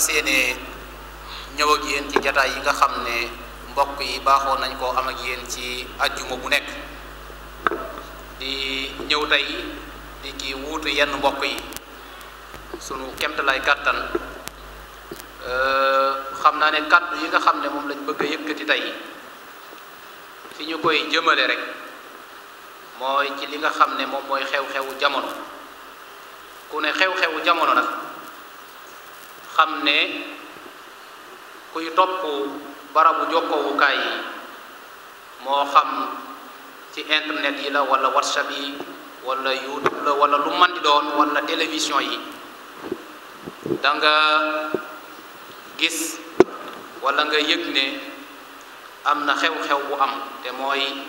fas yéene ñëw yéen ci jataay yi nga xam ne mbokk yi baaxoo nañ koo am ak yéen ci ajjuma bu nekk di ñëw tey di ci wuutu yenn mbokk yi sunu kemtalaay kàttan xam naa ne kàddu yi nga xam ne moom lañ bëgg a yëkkati tey fi ñu koy jëmale rek mooy ci li nga xam ne moom mooy xew-xewu jamono ku ne xew-xewu jamono nag xam ne kuy topp barabu jokkoowukaay yi moo xam ci internet yi la wala whatsapp yi wala youtube la wala lu man di doon wala télévision yi danga gis wala nga yëg ne am na xew-xew bu am te mooy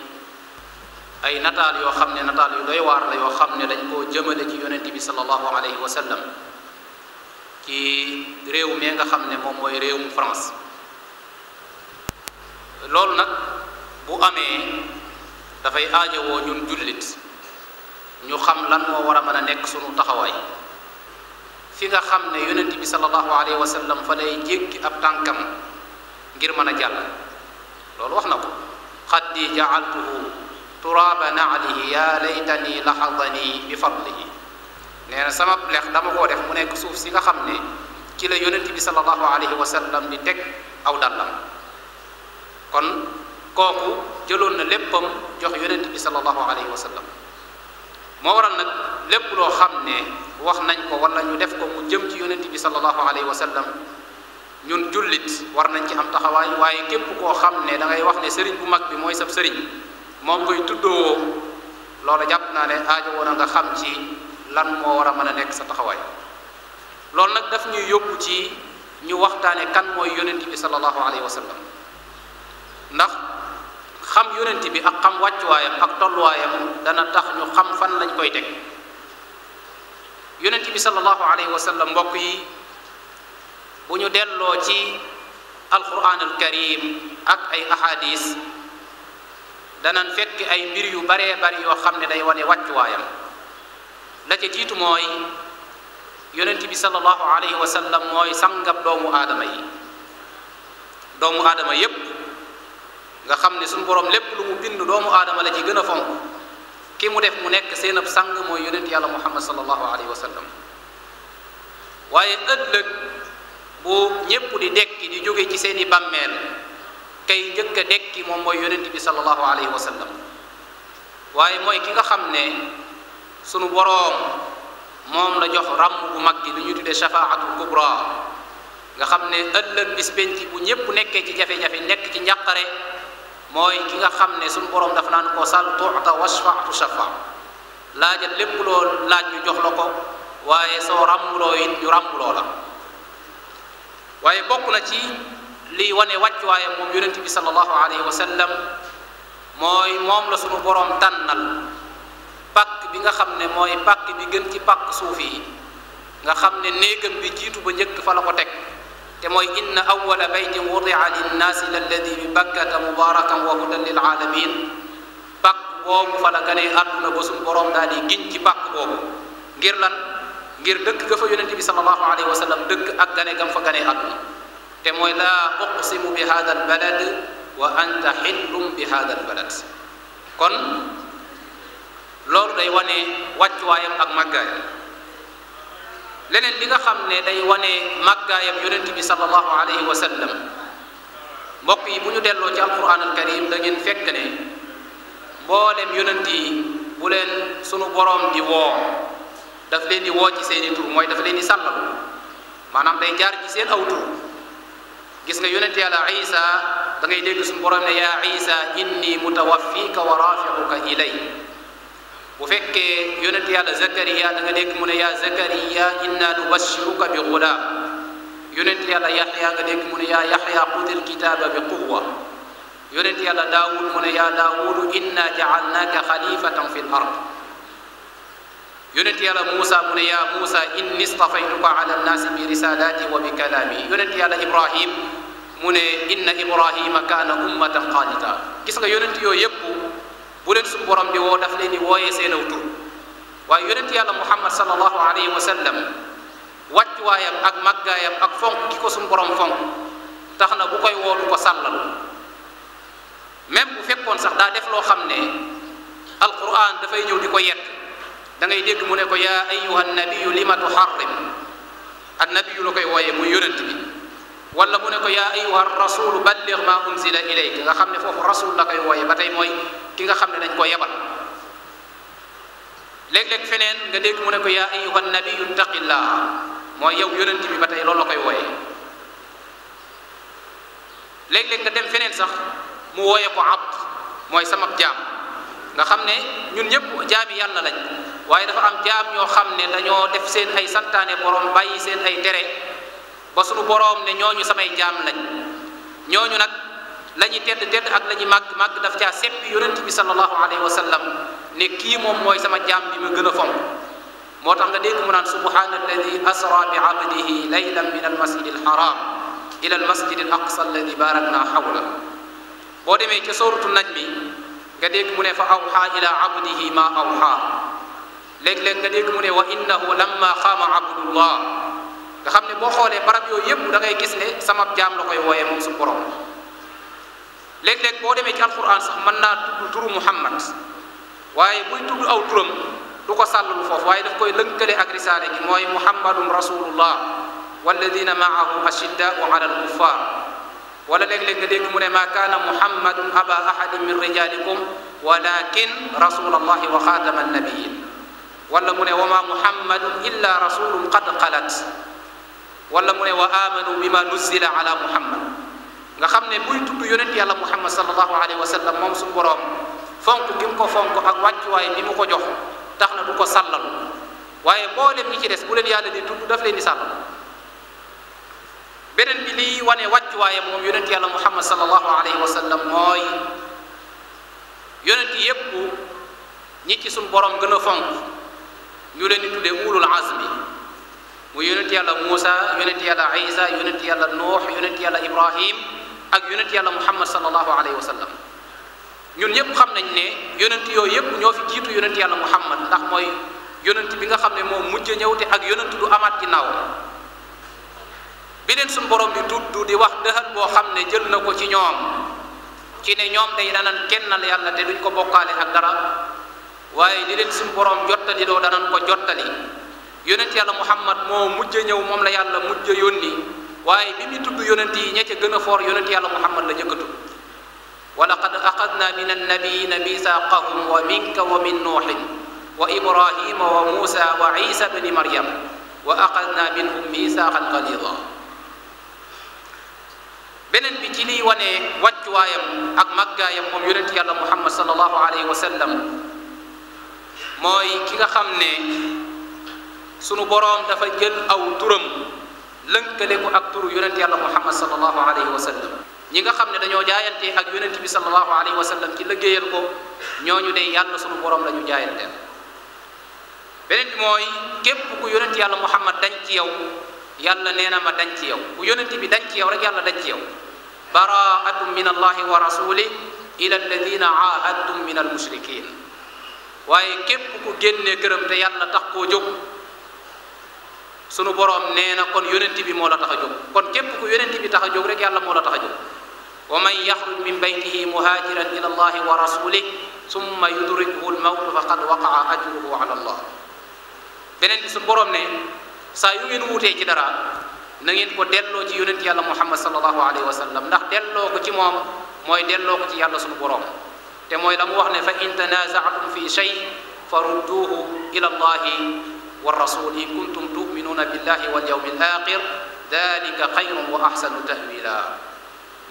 ay nataal yoo xam ne nataal yu doy waar la yoo xam ne dañ koo jëmale ci yonent bi sallallahu alayhi wa sallam ci réew mi nga xam ne moom mooy réewum France loolu nag bu amee dafay aajowoo ñun jullit ñu xam lan moo war a mën a nekk sunu taxawaay fi nga xam ne yonent bi sallallahu alayhi wa sallam fa lay jéggi ab tànkam ngir mën a jàll loolu wax na ko xaddi jaaltuhu turaaba naalihi yaa laytani laxadani bi fadlihi nee na sama lex dama koo def mu nekk suuf si nga xam ne ci la yonent bi sallallahu alayhi wa sallam di teg aw dàllam kon kooku jëloon na léppam jox yonent bi sallallahu alayhi wa moo waral nag lépp loo xam ne wax nañ ko wala ñu def ko mu jëm ci yonent bi sallallahu alayhi wa sallam ñun jullit war nañ ci am taxawaay waaye képp koo xam ne da wax ne sëriñ bu mag bi mooy sab sëriñ moom koy tuddoo loola jàpp naa ne aajo a nga xam ci lan moo war a mën a nekk sa taxawaay loolu nag daf ñuy yóbbu ci ñu waxtaane kan mooy yonent bi sallallahu alayhi wa ndax xam yonent bi ak xam wàccuwaayam ak tolluwaayam dana tax ñu xam fan lañ koy teg yonent bi sallallahu alayhi wa mbokk yi bu ñu delloo ci alquran al karim ak ay ahadis danan fekk ay mbir yu baree bari yoo xam ne day wane wàccuwaayam la ca jiitu mooy yonent bi sallallahu alayhi wa sallam mooy sangab doomu aadama yi doomu aadama yépp nga xam ne suñu boroom lépp lu mu bind doomu aadama la ci gën a fonk ki mu def mu nekk seen ab sang mooy yonent yàlla muhammad sallallahu alayhi wa sallam waaye ëllëg bu ñépp di dekki di jóge ci seeni bàmmeel kay njëkk a dekki moom mooy yonent bi sallallahu alayhi wa waaye mooy ki nga xam ne sunu boroom moom la jox ràmm bu mag gi lu ñu tuddee shafaatul kubra nga xam ne ëllëg bis penc bu ñépp nekkee ci jafe-jafe nekk ci njàqare mooy ki nga xam ne sunu boroom naa naan ko sal tuuta wasfaatu shafa laajal lépp laaj ñu jox la ko waaye soo ràmmuloo it ñu ràmbuloo la waaye bokk na ci liy wane wàcc waaye moom yonent bi sallallahu alayhi wa sallam mooy moom la sunu boroom tànnal pàkk bi nga xam ne mooy pakk bi gën ci pàkk suuf yi nga xam ne néegam bi jiitu ba njëkk fa la ko teg te mooy inna awala baytin wudia linnaasi lalladi bi bakkata mubarakan wa hudan lil aalamin boobu fa la ganee àdduna ba suñ boroom daal di giñ ci pàkk boobu ngir lan ngir dëkk ga fa yonente bi salallahu alayhi wa sallam dëkk ak gane gam fa ganee àdduna te mooy laa uqsimu bi hada albalad wa anta xillum bi hada albalad kon loolu day wane wàccuwaayam ak màggaayam leneen li nga xam ne day wone màggaayam yonent bi sallallahu alayhi wa sallam mbokk yi bu ñu delloo ci alquran al karim da ngeen fekk ne mboolem yonent yi bu leen sunu boroom di woo daf leen di woo ci seeni tur mooy daf leen di sàllal maanaam day jaar ci seen aw tur gis nga yonent yàlla isa da ngay dégg sunu boroom ne yaa isa inni mutawaffika wa rafiuka ilay bu fekkee yonent yàlla zakariya da nga dégg mu ne yaa zakariya inna nubashiruka bi gulaam yonent yàlla yaxya nga dégg mu ne yaa yaxya xutil kitaaba bi quwwa yonent yàlla daawud mu ne yaa daawudu inna jacalnaaka xalifatan fi l ard yonent yàlla muusa mu ne yaa muusa inni stafaytuka ala nnaasi bi risalaati wa bi kalaami yonent yàlla ibrahim mu ne inna ibrahima kaana ummatan qaanita gis nga yonent yooyu yëpp bu leen suñu borom di woo daf leen di wooyee seen aw tur waaye yonent yàlla muhammad sallallahu alayhi wa sallam wàccuwaayam ak màggaayam ak fonk ki ko suñu borom fonk tax na bu koy woo ko sàllalu même bu fekkoon sax daa def loo xam ne alquran dafay ñëw di ko yett da ngay dégg mu ne ko yaa ayuha nabiyu lima tuharrim annabiyu la koy wooyee muy yonent bi wala mu ne ko yaa ayuha rasulu balligh ma unzila ilayka nga xam ne foofu rasul la koy wooyee ba tey mooy ki nga xam ne dañ koo yebal léeg-léeg feneen nga dégg mu ne ko yaa ayyuhan nabiyyu ittaqillah mooy yow yonent bi ba tey loolu la koy wooye léeg-léeg nga dem feneen sax mu wooye ko abd mooy sama jaam nga xam ne ñun ñëpp jaami yàlla lañ waaye dafa am jaam ñoo xam ne dañoo def seen ay santaane borom bàyyi seen ay tere ba suñu borom ne ñooñu samay jaam lañ ñooñu nag la ñuy tedd tedd ak la ñuy màgg màgg daf caa seppi yonent bi sallallahu alayhi wa sallam ne kii moom mooy sama jaam bi ma gën a fonk moo tax nga dégg mu naan subhana alladi asra bi abdihi laylan min almasjid alharam ila almasjid alaqsa alladi barakna xawla boo demee ca sóoratu najmi nga dégg mu ne fa awxa ila abdihi ma awxa léeg-léeg nga dégg mu ne wa innahu lamma xaama abdullah nga xam ne boo xoolee barab yooyu yépp da ngay gis ne sama jaam la koy wooyee moom su borom léeg-léeg boo demee ci alquran sax mën naa tudd turu muhammad waaye buy tudd aw turam du ko sàllalu foofu waaye daf koy lënkale ak risaale gi mooy muhammadun rasulullah walladina maahu ashiddaau ala alkuffar wala léeg-léeg nga dégg mu ne maa kaana muhammadun aba ahadin min rijalikum walakin rasulallahi wa xaatama annabiyin wala mu ne wa maa muhammadun illa rasulun qad xalat wala mu ne wa amanu bima nuzila ala muhammad nga xam ne buy tudd yonent yàlla muhammad sallallahu alayhi wa sallam moom su boroom fonk gi mu ko fonk ak wàccuwaay bi mu ko jox tax na du ko sàllalu waaye mboolem ñi ci des bu leen yàlla di tudd daf leen di sàllalu beneen bi liy wane wàccuwaayam moom yonent yàlla muhammad sallallahu alayhi wa sallam mooy yonent yépp ñi ci suñ borom gën a fonk ñu leen di tuddee ulul azmi mu yonent yàlla Muusa yonent yàlla Isa yonent yàlla Nuux yonent yàlla Ibrahim ak yonent yàlla muhammad sallallahu alayhi wa sallam ñun ñëpp xam nañ ne yonent yooyu yëpp ñoo fi jiitu yonent yàlla muhammad ndax mooy yonent bi nga xam ne moo mujj ñëw te ak yonent du amaat ginnaaw bi leen suñu borom di tudd di wax dëxal boo xam ne jël na ko ci ñoom ci ne ñoom day danan kennal yàlla te duñ ko bokkaale ak dara waaye li leen suñu borom jottali doo danan ko jottali yonent yàlla muhammad moo mujj ñëw moom la yàlla mujj yónni waaye bi mu tudd yonent yi ña ca gën a foor yonent yàlla muhammad la njëkk a tudd wa laqad axadna min annabiyina misaaqahum wa minka wa min nuuxin wa ibrahima wa muusa wa isa bni maryam wa axadna minhum misaaqan galida beneen bi ci liy wane wàccuwaayam ak màggaayam moom yonent yàlla muhammad sallallahu alayhi wa sallam mooy ki nga xam ne sunu boroom dafa jël aw turam lënkale ko ak turu yonent yàlla muhammad sallallahu alayhi wa sallam ñi nga xam ne dañoo jaayante ak yonent bi sallallahu alayhi wa sallam ci liggéeyal ko ñooñu de yàlla sunu borom la ñu jaayanteel beneen mooy képp ku yonent yàlla muhammad dañ ci yow yàlla nee na ma dañ ci yow ku yonent bi dañ ci yow rek yàlla dañ ci yow baraatun min allahi wa rasuli ila alladina aahadtum min almushrikin waaye képp ku génnee këram te yàlla tax koo jóg sunu boroom nee na kon yonent bi moo la tax a jóg kon képp ku yonent bi tax a jóg rek yàlla moo la tax a jóg wa man yaxruj min baytihi muhaajiran ila allahi wa rasulih summa yudrikuhu lmawtu faqad waqaa ajruhu ala allah beneen bi sunu boroom ne saa yu ngeen wuutee ci dara na ngeen ko delloo ci yonent yàlla muhammad sallallahu alayhi wa sallam ndax delloo ko ci moom mooy delloo ko ci yàlla sunu boroom te mooy la mu wax ne fa in tanazatum fi shay fa rudduuhu ila allahi والرسول إن كنتم تؤمنون بالله واليوم الآخر ذلك خير وأحسن تأويلا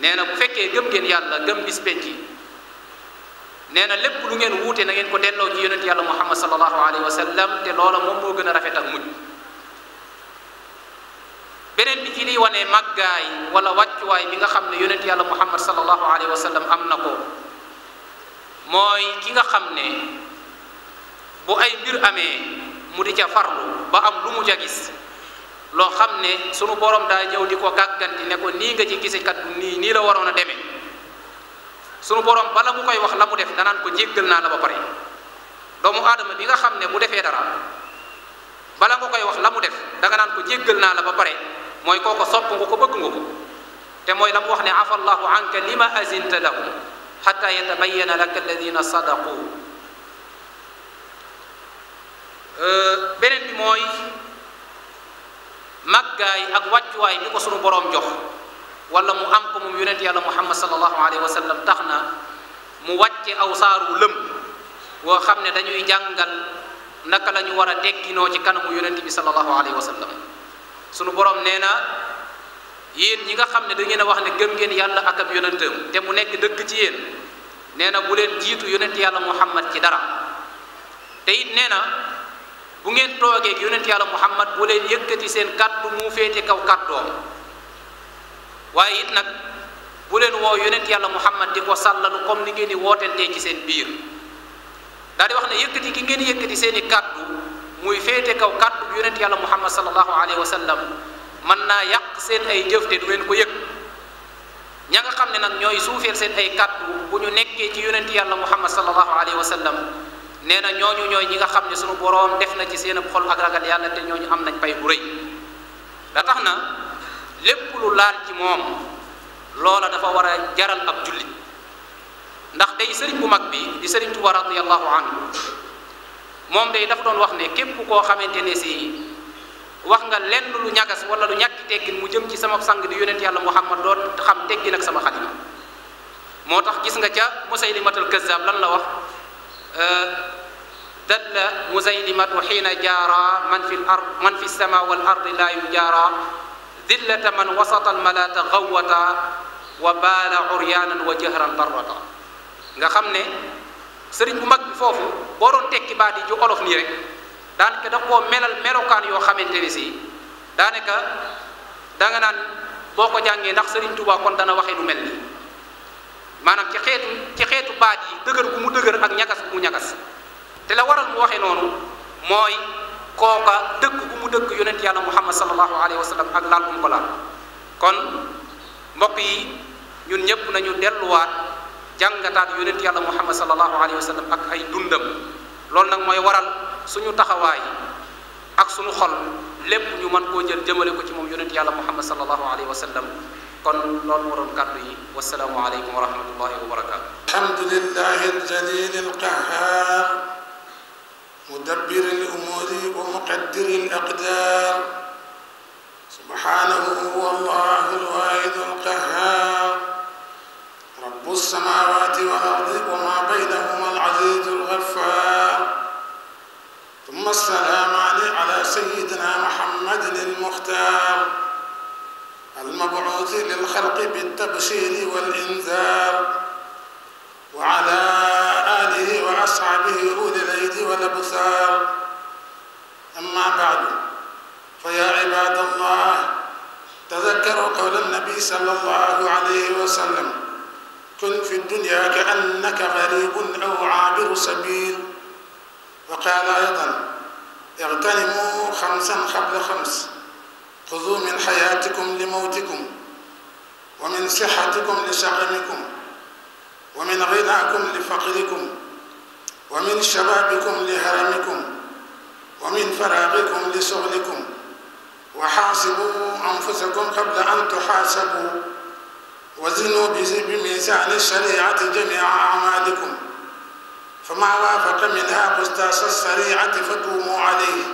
nee na bu fekkee gëm ngeen yàlla gëm bis penc nee na lépp lu ngeen wuute na ngeen ko delloo ci yonent yàlla muhammad sallallahu alayhi wa sallam te loola moom moo gën a rafet ak mujj beneen bi ci liy wane màggaay wala wàccuwaay bi nga xam ne yonent yàlla muhammad sallallahu alayhi wa sallam am na ko mooy ki nga xam ne bu ay mbir amee mu di ca farlu ba am lu mu ca gis loo xam ne sunu borom daa ñëw di ko gàgganti ne ko nii nga ci gise kat nii nii la waroon a demee sunu borom bala mu koy wax la mu def danaan ko jéggal naa la ba pare doomu aadama bi nga xam ne bu defee dara bala nga koy wax la mu def danga naan ko jéggal naa la ba pare mooy kooko sopp nga ko bëgg nga ko te mooy la mu wax ne afa allahu anka lima azinta lahum xatta yatabayana laka alladina sadaqu Euh, beneen bi mooy màggaay ak wàccuwaay bi ko sunu boroom jox wala mu am ko moom yonent yàlla muhammad sallallahu alayhi wa sallam tax na mu wàcce aw saaru lëm woo xam ne dañuy jàngal naka la war a tegginoo ci kanamu yonent bi sallallahu alayhi wa sallam sunu boroom nee na yéen ñi nga xam ne da ngeen wax ne gën ngeen yàlla ak ab yonentam te mu nekk dëkk ci yéen nee na bu leen jiitu yonent yàlla muhammad ci dara te it nee na bu ngeen toogee ak yonent yàlla muhammad bu leen yëkkati seen kàddu mu féete kaw kàddoom waaye yit nag bu leen woo yonent yàlla muhammad di ko sàllalu comme ni ngeen di wootantee ci seen biir daal wax ne yëkkati gi ngeen yëkkati seen i kàddu muy féete kaw kàddu bu yonent yàlla muhammad sallallahu alayhi wa sallam mën naa yàq seen ay jëf te du ngeen ko yëg ña nga xam ne nag ñooy suufeel seen ay kàddu bu ñu nekkee ci yonent yàlla muhammad sallallahu alayhi wa sallam nee na ñooñu ñooy ñi nga xam ne suñu boroom def na ci seen xol ak ragal yàlla te ñooñu am nañ pay bu rëy da tax na lépp lu laal ci moom loola dafa war a jaral ab jullit ndax day sëriñ bu mag bi di sëriñ Tuuba radiyallahu anhu moom day dafa doon wax ne képp koo xamante ne si wax nga lenn lu ñagas wala lu ñàkki teggin mu jëm ci sama sang di yonent yàlla mu Muhammad doon xam teggin ak sama xalima moo tax gis nga ca Musaylimatul Kazzab lan la wax dalla musaylimatu xiina jaara man fi l ard man fi sama wal ardi laa yujaara dillata man wasata almalata gawata wa baala uryaanan wa jahran darrata nga xam ne sëriñ bu mag foofu boo doon tekki baat yi ju olof nii rek daanaka da koo melal melokaan yoo xamante ni si daanaka danga naan boo ko jàngee ndax sëriñ Tuubaa kon dana lu mel nii maanaam ci xeetu ko waxee noonu mooy kooka dëkk bu mu dëkk yonent yàlla muhammad sallallahu alayhi wa sallam ak laal bu mu ko laal kon mbokk yi ñun ñëpp nañu delluwaat jàngataat yonent yàlla muhammad sallallahu alayhi wa sallam ak ay dundam loolu mooy waral suñu taxawaay ak suñu xol lépp ñu man koo jël jëmale ko ci moom yonent yàlla muhammad sallallahu alayhi wa sallam kon loolu moo doon kàddu yi wasalaamu aleykum wa rahmatullahi wa barakaatu alhamdulillahi aljalil alqahar مدبر الأمور ومقدر الأقدار سبحانه هو الله الواحد القهار رب السماوات والأرض وما بينهما العزيز الغفار ثم السلام على سيدنا محمد المختار المبعوث للخلق بالتبشير والإنذار وعلى آله وأصحابه أولي الأيدي والأبصار أما بعد فيا عباد الله تذكروا قول النبي صلى الله عليه وسلم كن في الدنيا كأنك غريب أو عابر سبيل وقال أيضا اغتنموا خمسا قبل خمس خذوا من حياتكم لموتكم ومن صحتكم لشغمكم ومن غناكم لفقركم wa min shababikum li haramikum wa min faraagikum li suxlikum wa xaasibu anfusakum qabla an tuxaasabu wa zinu bi miisaani shariati jamia amalikum fama waafaqa minha bustaasa shariati fatuumu alayhi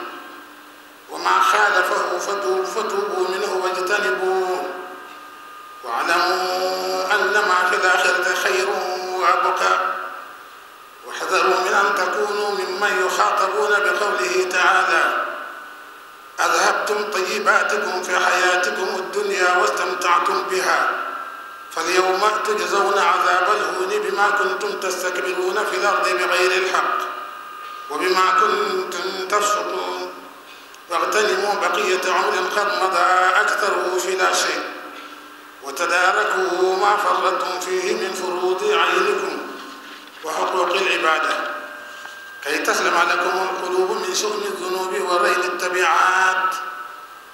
wa ma xaalafahu fatuubu minhu wajtanibu wa alamu anna ma fi l axirati xayrun wa abqa احذروا من أن تكونوا ممن يخاطبون بقوله تعالى أذهبتم طيباتكم في حياتكم الدنيا واستمتعتم بها فاليوم تجزون عذاب الهون بما كنتم تستكبرون في الأرض بغير الحق وبما كنتم تفسقون واغتنموا بقية عمر قد مضى أكثره في لا شيء وتداركوا ما فرطتم فيه من فروض عينكم وحقوق العبادة كي تسلم لكم القلوب من شؤم الذنوب ورين التبعات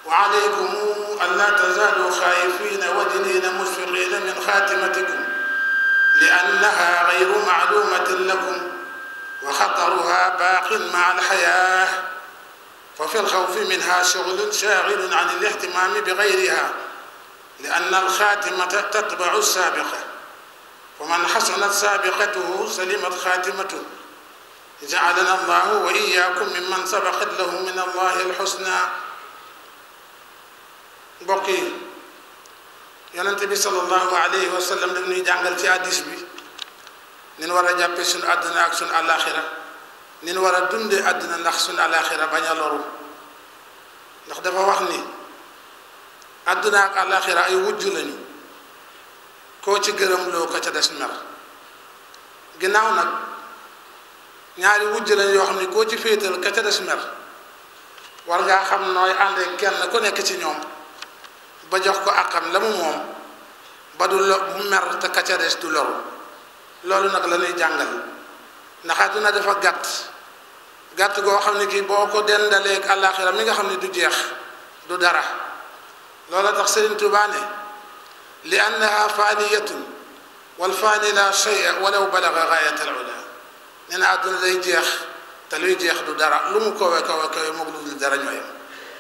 وعليكم ألا تزالوا خائفين ودنين مسفقين من خاتمتكم لأنها غير معلومة لكم وخطرها باق مع الحياة وفي الخوف منها شغل شاغل عن الاهتمام بغيرها لأن الخاتمة تتبع السابقة wa man xasanat saabiqatuhu salimat xaatimatuhu jaalana allahu wa iyaakum mimman sabaqat lahu min allahi alxusna mbokk yi yonente bi salallahu alayhi wa sallam daf ñuy jàngal ci addis bi nin war a jàppe suñu àdduna ak suñu àllaaxira nin war a dunde àdduna ndax suñu àllaaxira bañ a loru ndax dafa wax ni àdduna ak àllaaxira ay wujj lañu koo ci gërëm loo ko ca des mer ginnaaw nag ñaari wujj lañ yoo xam ni koo ci féetal ka ca des mer war ngaa xam nooy àndee kenn ku nekk ci ñoom ba jox ko akam la mu moom ba du lo bu mer te ka ca des du loru loolu nag la jàngal ndax àdduna dafa gàtt gàtt goo xam ne kii boo ko dendalee ak àllaaxira mi nga xam ne du jeex du dara loola tax Sëriñ Tuubaa liannaha faaniyatun wal faani laa shay'a walaw balaga gaayata al ula nee na àdduna day jeex te luy jeex du dara lu mu koowee koowee koowee moog lu dul dara ñooyam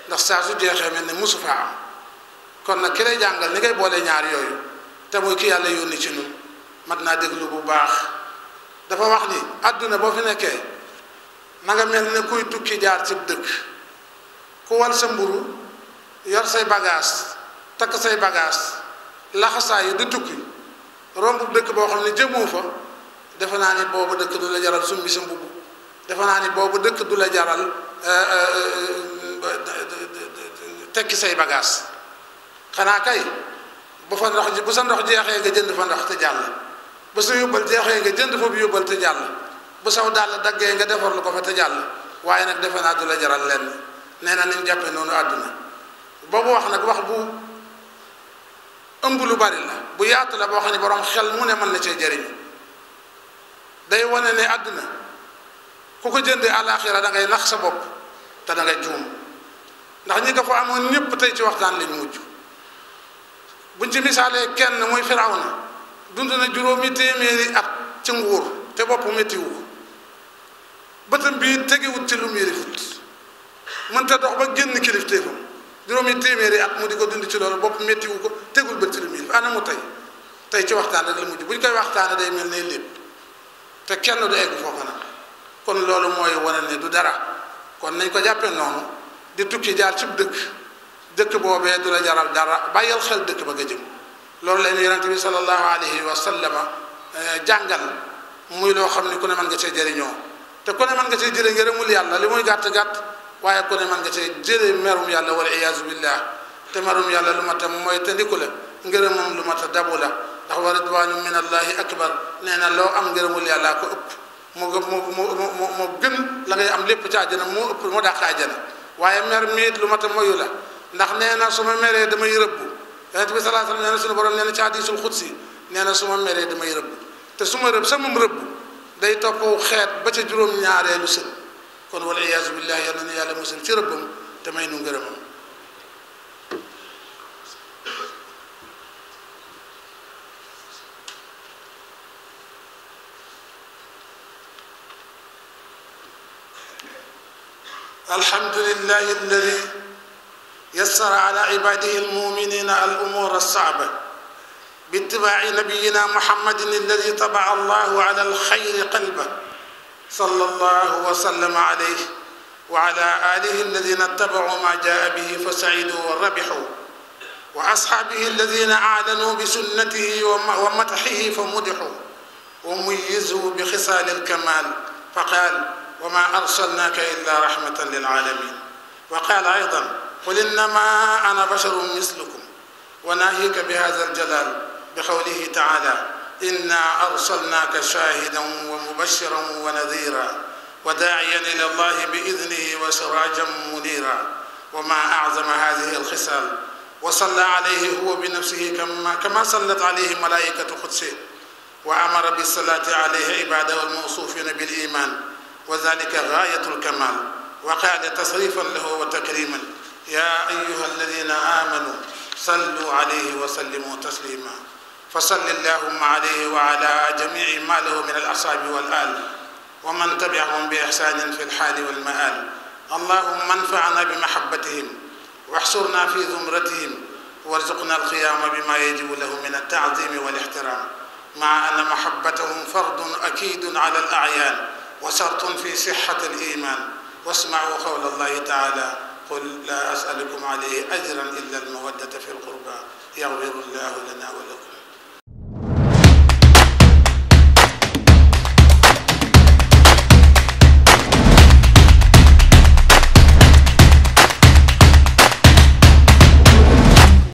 ndax saa su jeexee mel ni mosu faa am kon na ki lay jàngal ni ngay boole ñaar yooyu te muy ki yàlla yónni ci ñun mat naa déglu bu baax dafa wax ni àdduna boo fi nekkee na nga mel ni kuy tukki jaar ci dëkk ku wal sa mburu yor say bagaas takk say bagaas laxasaayu di tukki romb dëkk boo xam ne jëmoo fa defe naa ne boobu dëkk du la jaral summi sa mbubb defe naa ni boobu dëkk du la jaral euh, euh, euh, tekki say bagaas xanaa kay bu fa ndox bu sa ndox jeexee nga jënd fa ndox te jàll bu sa yóbbal jeexee nga jënd fa bu yóbbal te jàll bu saw dàll daggee nga defar lu ko fa te jàll waaye nag defe naa du la jaral lenn nee na nañ jàppe noonu àdduna boobu wax nag wax bu ëmb lu bari la bu yaatu la boo xam ne borom xel mu ne mën na cee jëriñu day wane ne àdduna ku ko jëndee àllaaxira da ngay nax sa bopp te da ngay juum ndax ñi nga fa amoon ñëpp tey ci waxtaan lañ mujj buñ ci misaalee kenn muy na dund na juróomi téeméeri at ci nguur te bopp méttiwu bëtam bii tegewut ci lu mu yëlifut mënta dox ba génn kilifteefam juróomi téeméeri at mu di ko dund ci loolu bopp méttiwu ko tegul bët ci lu miin ana mu tey tey ci waxtaan rek la mujj bu ñu koy waxtaanee day mel ne lépp te kenn du egg foofa nag kon loolu mooy wane ne du dara kon nañ ko jàppee noonu di tukki jaar ci dëkk dëkk boobee du la jaral dara bàyyal xel dëkk ba nga jëm loolu leen yonente bi sallallahu alayhi wa sallama eh, jàngal muy loo xam ne ku ne mën nga see jëriñoo te ku ne mën nga see jëlee ngërëmul yàlla li muy waaye ko ne man nga cee jëlee merum yàlla wala iyaazu billah te merum yàlla lu mat a mooy tandiku la ngërëm moom lu mat a dabu la ndax wa ridwaanu min allahi akbar nee na loo am ngërëmul yàllaa ko ëpp mu mu mu mu gën la ngay am lépp ci àjjana moo ëpp moo dàq àjjana waaye mer miit lu mat a moyu la ndax nee na su ma meree damay rëbbu yonent bi salaa sallam nee na suñu borom nee na ci hadiisul xudsi nee na su ma meree damay rëbb te su ma rëbb sama rëbb day topp xeet ba ca juróom-ñaareelu sën kon wal iyaazu billaah yal nañu yàlla musal ci rëbbam te may nu ngërëmam alhamdulilah alladi yassara ala ibadihi almuminina al umur alsaaba bitibaaci nabiyina muhammadin alladi tabaa allahu ala alxayri qalba sallallahu wa sallam alayhi wa ala alihi alladina ittabau ma jaa bihi fa saidu wa rabixu wa asxaabihi alladina aalanuu bi sunnatihi wa mataxihi fa mudixu wa muyizu bi xisaali alkamal fa qaal wa ma arsalnaka illa rahmatan lilaalamin wa qaal aydan qul innama ana basharun mislukum wa nahiika bi hada aljalal bi qawlihi taala إنا أرسلناك شاهدا ومبشرا ونذيرا وداعيا إلى الله بإذنه وسراجا منيرا وما أعظم هذه الخصال وصلى عليه هو بنفسه كما, كما صلت عليه ملائكة قدسه وأمر بالصلاة عليه عباده الموصوفين بالإيمان وذلك غاية الكمال وقال تصريفا له وتكريما يا أيها الذين آمنوا صلوا عليه وسلموا تسليما fa salli llahuma alayhi wa ala jamii ma lahu min al asaabi wal aal wa man tabiahum bi ihsaanin fi lxaali wal maal allahumma anfa'na bi mahabbatihim waxsurna fi zumratihim warzuqna alqiyaama bima yajibu lahu min altaazimi wal ixtiraam maa anna mahabbatahum fardun akiidun ala al acyaan wa sartun fi sixati al iimaan wasma'u qawla allahi taala قل لا أسألكم عليه أجرا إلا المودة في القربى يغفر الله لنا ولكم